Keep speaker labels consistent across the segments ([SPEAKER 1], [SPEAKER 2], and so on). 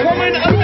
[SPEAKER 1] woman of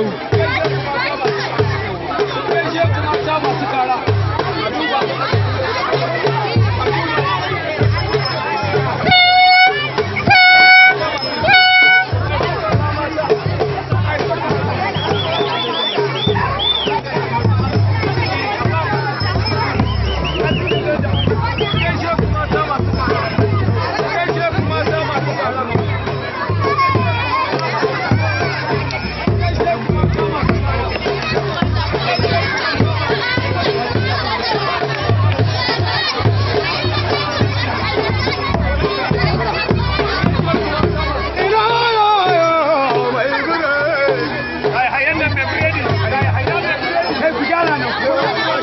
[SPEAKER 1] Hello. Deus.